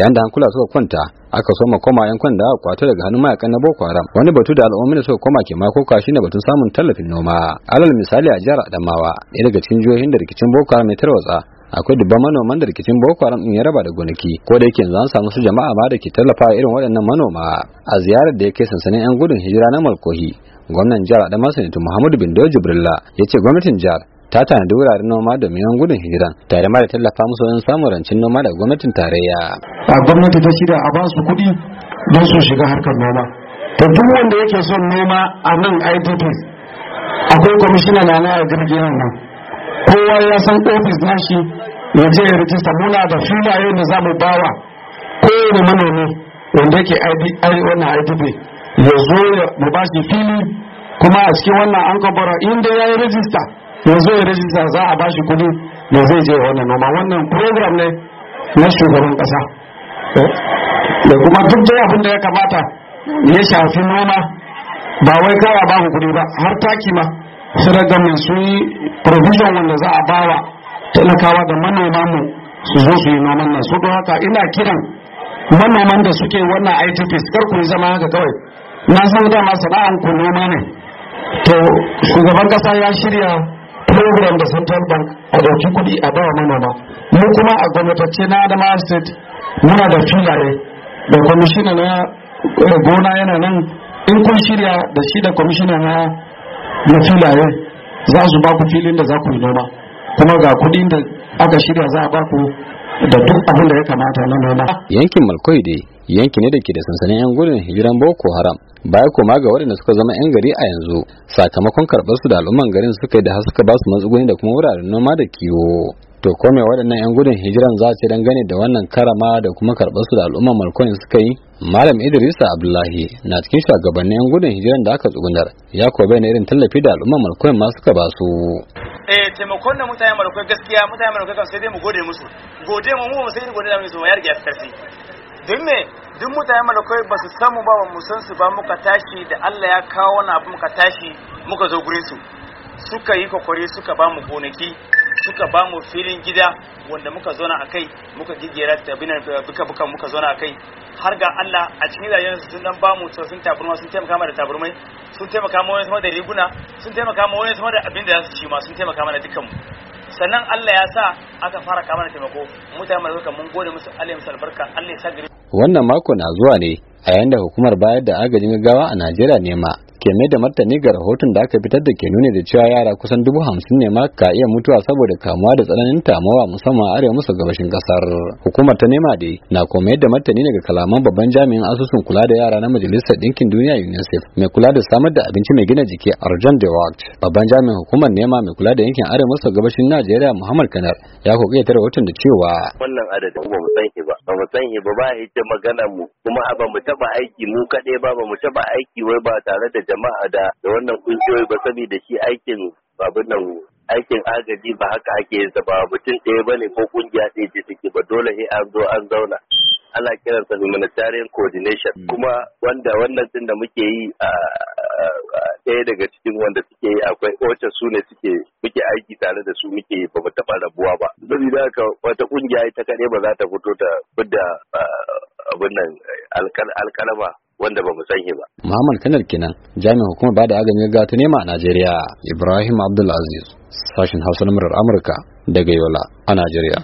yayin da hankula suka kwanta aka soma koma yan kwanda a kwato daga hannun mayakan na Boko Haram wani batu da al'ummomin suka koma ke mako kashi ne batun samun tallafin noma alal misali a jihar Adamawa ɗaya daga cikin jihohin da rikicin Boko Haram ya tarwatsa akwai dubban manoman da rikicin Boko Haram ɗin ya raba da gonaki ko da yake yanzu an samu su jama'a ma da ke tallafa irin waɗannan manoma a ziyarar da ya kai sansanin yan gudun hijira na Malkohi gwamnan jihar Adamawa Sanatu Muhammadu Bindo Jibrilla ya ce gwamnatin jihar ta tanadi wuraren noma domin gudun hijiran tare ma da tallafa musu wajen samun rancin noma daga gwamnatin tarayya a gwamnati ta shirya a basu kuɗi don su shiga harkar noma ta duk wanda yake son noma a nan idps akwai kwamishina na na gargiyar nan kowa ya san ofis na shi ya je ya rijista muna da filaye da za mu bawa kowane manomi wanda yake wannan idp ya zo ya mu ba shi fili kuma a cikin wannan an kwabara inda ya yi rijista ya zo ya rijista za a ba shi kuɗi da zai je wannan noma wannan program ne na shugaban kasa da kuma duk da abin da ya kamata ya shafi noma ba wai kawai babu kuɗi ba har taki ma sadagar mai su yi provision wanda za a bawa talakawa da manoma mu su zo su yi noman nan su haka ina kiran manoman da suke wannan itp kar ku zama haka kawai na san dama sana'an ku noma ne to shugaban kasa ya shirya program da central bank a dauki kuɗi a bawa manoma mu kuma a gwamnatacce na adama state muna da filaye da kwamishina na eh, gona yana nan in kun shirya da shi da kwamishina na na filaye za su ba ku filin da za ku yi noma kuma ga kuɗin da aka shirya za a ba ku da duk abin da ya kamata na noma. Yankin Malkoi dai yanki ne da ke da sansanin 'yan gudun hijiran Boko Haram baya koma ga waɗanda suka zama 'yan gari a yanzu sakamakon karɓar su da al'umman garin suka yi da suka ba su matsuguni da kuma wuraren noma da kiwo. To ko me waɗannan 'yan gudun hijiran za ce dangane da wannan karama da kuma karɓar su da al'umman Malkoi suka yi? Malam Idrisa Abdullahi na cikin shugabannin 'yan gudun hijiran da aka tsugunar ya ko bayyana irin tallafi da al'umman Malkoi ma suka ba su. eh taimakon da mutane marokai gaskiya mutane marokai kan sai dai mu gode musu gode mu mu sai gode da musu ya rige tarsi duk ne duk mutane marokai ba su samu ba mu san su ba muka tashi da Allah ya kawo wani abu muka tashi muka zo gurin su suka yi kokari suka ba mu gonaki suka ba mu filin gida wanda muka zona a kai muka gigera da binan buka-buka muka zona a kai har ga Allah a cikin rayuwar sun dan ba mu sun taburma sun taimaka mana da taburmai sun taimaka mana da riguna sun taimaka ma wani sama da abin da za su ci ma sun taimaka mana dukkanmu sannan Allah ya sa aka fara kama da taimako mutane mai suka mun gode musu Allah ya musu albarka Allah ya sa gari wannan mako na zuwa ne a yayin da hukumar bayar da agajin gaggawa a Najeriya ne ma ke da martani ga rahoton da aka fitar da ke nuni da cewa yara kusan dubu hamsin ne ma ka iya mutuwa saboda kamuwa da tsananin tamawa musamman arewa musu gabashin kasar hukumar ta nema dai na ko mai da martani daga kalaman babban jami'in asusun kula da yara na majalisar Dinkin duniya unicef mai kula da samar da abinci mai gina jiki arjan wacht babban jami'in hukumar nema mai kula da yankin arewa musu gabashin najeriya muhammad kanar ya kokai ta rahoton da cewa wannan adadin ba mu san shi ba ba mu san shi ba ba ita magana mu kuma ba mu taba aiki mu kaɗai ba ba mu taba aiki wai ba tare da jama'a da da wannan kungiyoyi ba da shi aikin babin nan aikin agaji ba haka ake yin ba mutum ɗaya ba ne ko kungiya ɗaya ce take ba dole sai an zo an zauna ana kiransa humanitarian coordination hmm. kuma wanda wannan din da muke yi a ɗaya daga cikin wanda suke yi akwai wacce su ne suke muke aiki tare da su muke ba mu taɓa rabuwa ba saboda haka wata kungiya ita kaɗai ba za ta fito ta fidda abin nan alkalama wanda ba mu san shi ba. Muhammad Kanar kenan jami'in hukumar bada agajin gaggawa ta nema a Najeriya Ibrahim Abdulaziz sashin Hausa na Amurka daga Yola a Najeriya.